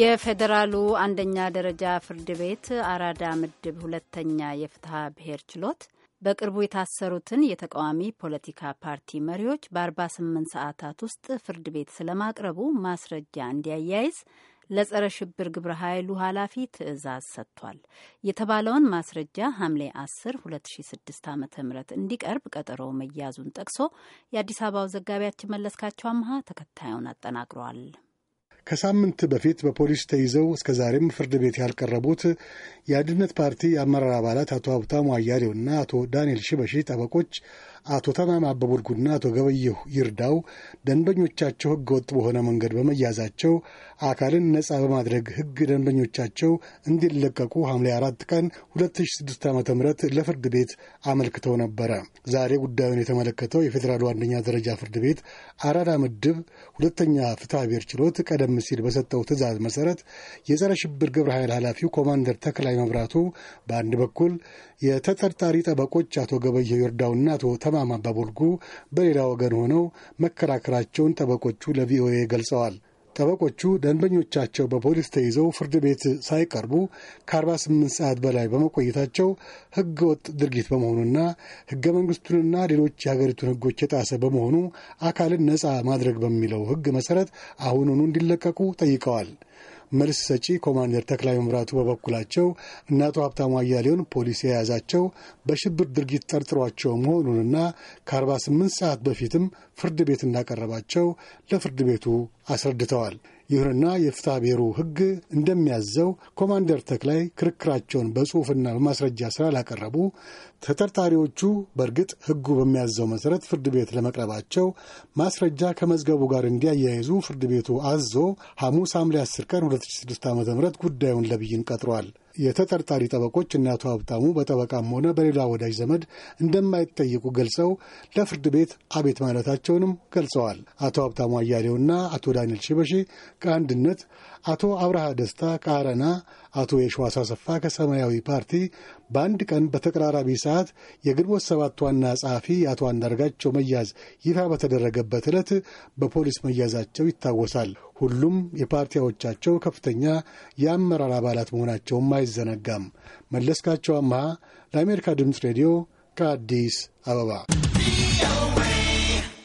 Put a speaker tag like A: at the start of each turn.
A: የፌዴራሉ አንደኛ ደረጃ ፍርድ ቤት አራዳ ምድብ ሁለተኛ የፍትሐ ብሔር ችሎት በቅርቡ የታሰሩትን የተቃዋሚ ፖለቲካ ፓርቲ መሪዎች በ48 ሰዓታት ውስጥ ፍርድ ቤት ስለማቅረቡ ማስረጃ እንዲያያይዝ ለጸረ ሽብር ግብረ ኃይሉ ኃላፊ ትዕዛዝ ሰጥቷል። የተባለውን ማስረጃ ሐምሌ 10 2006 ዓ ም እንዲቀርብ ቀጠሮ መያዙን ጠቅሶ የአዲስ አበባው ዘጋቢያችን መለስካቸው አምሃ ተከታዩን አጠናቅሯል።
B: ከሳምንት በፊት በፖሊስ ተይዘው እስከ ዛሬም ፍርድ ቤት ያልቀረቡት የአንድነት ፓርቲ የአመራር አባላት አቶ ሀብታሙ አያሌውና አቶ ዳንኤል ሽበሺ ጠበቆች አቶ ተማም አበቡልጉና አቶ ገበየሁ ይርዳው ደንበኞቻቸው ሕገ ወጥ በሆነ መንገድ በመያዛቸው አካልን ነጻ በማድረግ ህግ ደንበኞቻቸው እንዲለቀቁ ሐምሌ አራት ቀን 2006 ዓ ም ለፍርድ ቤት አመልክተው ነበረ። ዛሬ ጉዳዩን የተመለከተው የፌዴራሉ አንደኛ ደረጃ ፍርድ ቤት አራዳ ምድብ ሁለተኛ ፍትሐ ብሔር ችሎት ቀደም ሲል በሰጠው ትእዛዝ መሰረት የጸረ ሽብር ግብረ ኃይል ኃላፊው ኮማንደር ተክላይ መብራቱ በአንድ በኩል የተጠርጣሪ ጠበቆች አቶ ገበየሁ ይርዳውና አቶ ተማም በቦልጉ በሌላ ወገን ሆነው መከራከራቸውን ጠበቆቹ ለቪኦኤ ገልጸዋል። ጠበቆቹ ደንበኞቻቸው በፖሊስ ተይዘው ፍርድ ቤት ሳይቀርቡ ከ48 ሰዓት በላይ በመቆየታቸው ሕገ ወጥ ድርጊት በመሆኑና ሕገ መንግሥቱንና ሌሎች የሀገሪቱን ሕጎች የጣሰ በመሆኑ አካልን ነፃ ማድረግ በሚለው ሕግ መሠረት አሁኑኑ እንዲለቀቁ ጠይቀዋል። መልስ ሰጪ ኮማንደር ተክላይ መምራቱ በበኩላቸው እነ አቶ ሀብታሙ አያሌውን ፖሊስ የያዛቸው በሽብር ድርጊት ጠርጥሯቸው መሆኑንና ከ48 ሰዓት በፊትም ፍርድ ቤት እንዳቀረባቸው ለፍርድ ቤቱ አስረድተዋል። ይሁንና የፍትሐ ብሔሩ ሕግ እንደሚያዘው ኮማንደር ተክላይ ክርክራቸውን በጽሑፍና በማስረጃ ስላላቀረቡ ተጠርጣሪዎቹ በእርግጥ ሕጉ በሚያዘው መሠረት ፍርድ ቤት ለመቅረባቸው ማስረጃ ከመዝገቡ ጋር እንዲያያይዙ ፍርድ ቤቱ አዞ ሐሙስ ሐምሌ 10 ቀን 2006 ዓ ም ጉዳዩን ለብይን ቀጥሯል። የተጠርጣሪ ጠበቆች እነ አቶ ሀብታሙ በጠበቃም ሆነ በሌላ ወዳጅ ዘመድ እንደማይጠየቁ ገልጸው ለፍርድ ቤት አቤት ማለታቸውንም ገልጸዋል። አቶ ሀብታሙ አያሌውና አቶ ዳንኤል ሽበሺ ከአንድነት፣ አቶ አብርሃ ደስታ ከአረና፣ አቶ የሸዋስ አሰፋ ከሰማያዊ ፓርቲ በአንድ ቀን በተቀራራቢ ሰዓት የግንቦት ሰባት ዋና ጸሐፊ የአቶ አንዳርጋቸው መያዝ ይፋ በተደረገበት ዕለት በፖሊስ መያዛቸው ይታወሳል። ሁሉም የፓርቲዎቻቸው ከፍተኛ የአመራር አባላት መሆናቸውም አይዘነጋም። መለስካቸው አመሃ ለአሜሪካ ድምፅ ሬዲዮ ከአዲስ አበባ